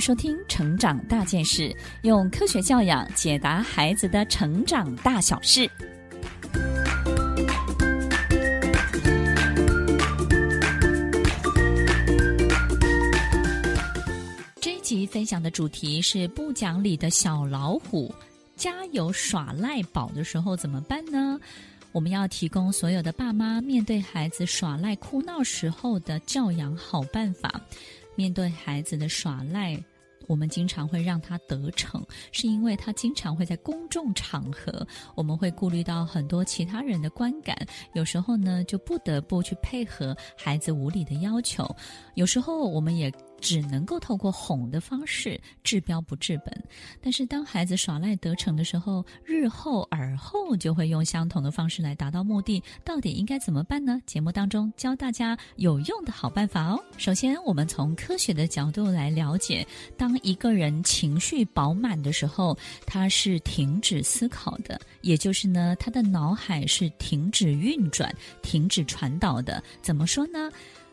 收聽《成長大件事》，用科學教養解答孩子的成長大小事。這一集分享的主題是“不講理的小老虎”，家有耍賴寶的時候怎麼辦呢？我們要提供所有的爸媽面對孩子耍賴哭鬧時候的教養好辦法，面對孩子的耍賴。我們經常會讓他得逞，是因為他經常會在公眾場合，我們會顧慮到很多其他人的觀感，有時候呢，就不得不去配合孩子無理的要求，有時候我們也。只能夠透過哄的方式治標不治本，但是當孩子耍賴得逞的時候，日後爾後就會用相同的方式來達到目的。到底應該怎麼辦呢？節目當中教大家有用的好辦法哦。首先，我們從科學的角度來了解，當一個人情緒飽滿的時候，他是停止思考的，也就是呢，他的腦海是停止運轉、停止傳導的。怎麼說呢？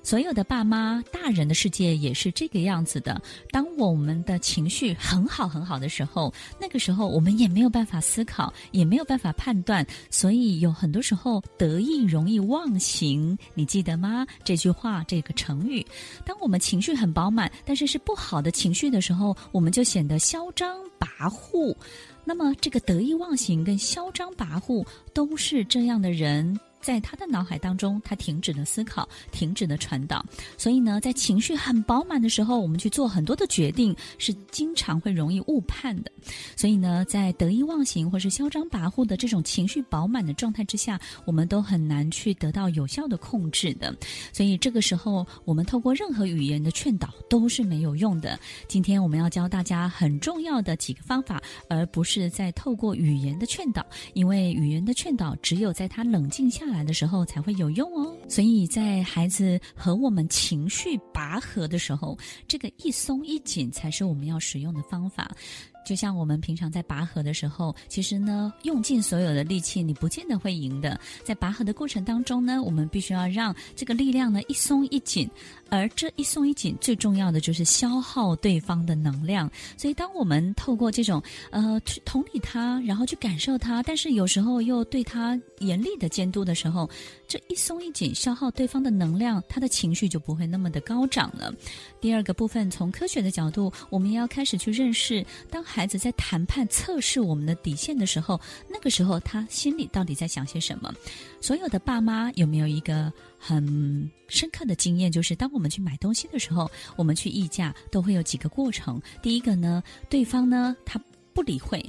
所有的爸媽、大人的世界也是這個樣子的。當我們的情緒很好、很好的時候，那個時候我們也沒有辦法思考，也沒有辦法判斷，所以有很多時候得意容易忘形。你記得嗎？這句話這個成語。當我們情緒很飽滿，但是是不好的情緒的時候，我們就顯得囂張跋扈。那麼，這個得意忘形跟囂張跋扈都是這樣的人。在他的腦海當中，他停止了思考，停止了傳導。所以呢，在情緒很飽滿的時候，我們去做很多的決定，是經常會容易誤判的。所以呢，在得意忘形或是囂張跋扈的這種情緒飽滿的狀態之下，我們都很難去得到有效的控制的。所以這個時候，我們透過任何語言的勸導都是沒有用的。今天我們要教大家很重要的幾個方法，而不是在透過語言的勸導，因為語言的勸導只有在他冷靜下來。的時候才會有用哦。所以在孩子和我們情緒拔河的時候，這個一鬆一緊才是我們要使用的方法。就像我們平常在拔河的時候，其實呢，用盡所有的力氣，你不見得會贏的。在拔河的過程當中呢，我們必須要讓這個力量呢一鬆一緊，而這一鬆一緊最重要的就是消耗對方的能量。所以，當我們透過這種呃，去同理他，然後去感受他，但是有時候又對他嚴厲的監督的時候，這一鬆一緊。消耗對方的能量，他的情緒就不會那麼的高漲了。第二個部分，從科學的角度，我們也要開始去認識，當孩子在談判測試我們的底線的時候，那個時候他心裡到底在想些什麼？所有的爸媽有沒有一個很深刻的經驗，就是當我們去買東西的時候，我們去議價，都會有幾個過程。第一個呢，對方呢，他不理會。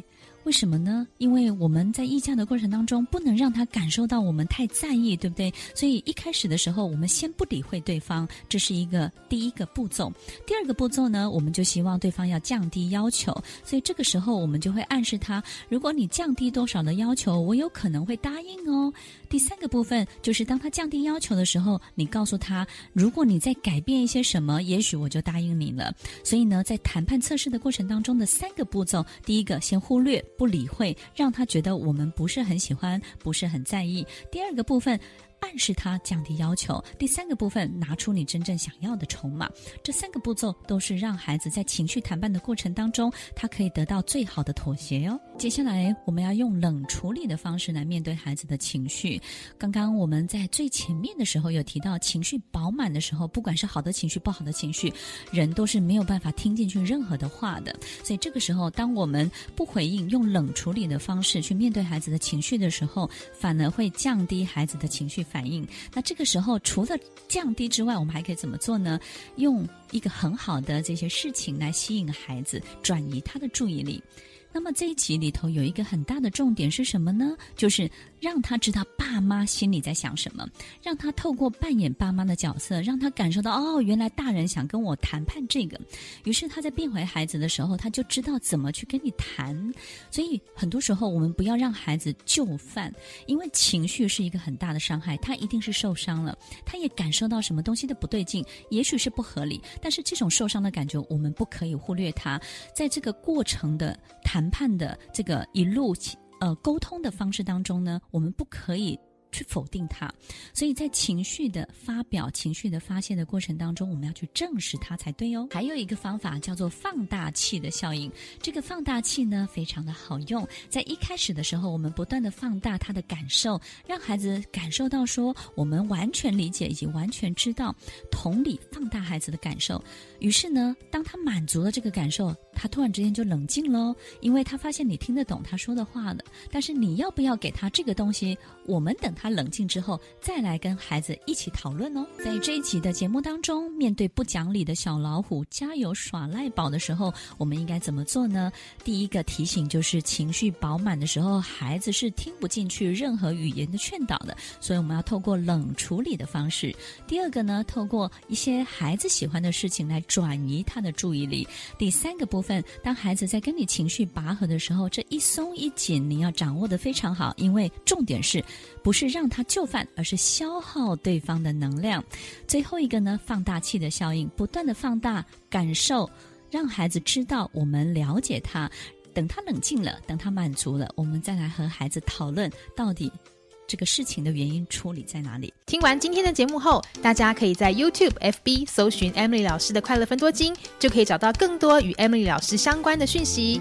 為什麼呢？因為我們在議價的過程當中，不能讓他感受到我們太在意，對不對？所以一開始的時候，我們先不理會對方，這是一個第一個步驟。第二個步驟呢，我們就希望對方要降低要求，所以這個時候我們就會暗示他，如果你降低多少的要求，我有可能會答應哦。第三個部分就是，當他降低要求的時候，你告訴他，如果你再改變一些什麼，也許我就答應你了。所以呢，在談判測試的過程當中的三個步驟，第一個先忽略不理會，讓他覺得我們不是很喜歡，不是很在意。第二個部分。暗示他降低要求。第三個部分，拿出你真正想要的籌碼。這三個步驟都是讓孩子在情緒談判的過程當中，他可以得到最好的妥協喲、哦。接下來，我們要用冷處理的方式來面對孩子的情緒。剛剛我們在最前面的時候有提到，情緒飽滿的時候，不管是好的情緒，不好的情緒，人都是沒有辦法聽進去任何的話的。所以，這個時候，當我們不回應，用冷處理的方式去面對孩子的情緒的時候，反而會降低孩子的情緒。反應。那這個時候，除了降低之外，我們還可以怎麼做呢？用一個很好的這些事情來吸引孩子，轉移他的注意力。那麼這一集裡頭有一個很大的重點是什麼呢？就是讓他知道爸媽心裡在想什麼，讓他透過扮演爸媽的角色，讓他感受到哦，原來大人想跟我談判這個，於是他在變回孩子的時候，他就知道怎麼去跟你談。所以很多時候我們不要讓孩子就範，因為情緒是一個很大的傷害，他一定是受傷了，他也感受到什麼東西的不對勁，也許是不合理，但是這種受傷的感覺我們不可以忽略它，在這個過程的。談判的這個一路呃、溝通的方式當中呢，我們不可以，去否定他，所以在情緒的發表、情緒的發洩的過程當中，我們要去證實他才對喲。還有一個方法叫做放大器的效應，這個放大器呢非常的好用。在一開始的時候，我們不斷的放大他的感受，讓孩子感受到說我們完全理解以及完全知道，同理放大孩子的感受。於是呢，當他滿足了這個感受，他突然之間就冷靜嘍，因為他發現你聽得懂他說的話了。但是你要不要給他這個東西？我們等他。冷靜之後，再來跟孩子一起討論哦。在這一集的節目當中，面對不講理的小老虎、家有耍賴寶的時候，我們應該怎麼做呢？第一個提醒就是，情緒飽滿的時候，孩子是聽不進去任何語言的勸導的，所以我們要透過冷處理的方式。第二個呢，透過一些孩子喜歡的事情來轉移他的注意力。第三個部分，當孩子在跟你情緒拔河的時候，這一鬆一緊，你要掌握得非常好，因為重點是不是？讓他就範，而是消耗對方的能量。最後一個呢，放大器的效應，不斷的放大感受，讓孩子知道我們了解他。等他冷靜了，等他滿足了，我們再來和孩子討論到底這個事情的原因處理在哪裡。聽完今天的節目後，大家可以在 YouTube、FB 搜尋 Emily 老師的快樂芬多精，就可以找到更多與 Emily 老師相關的訊息。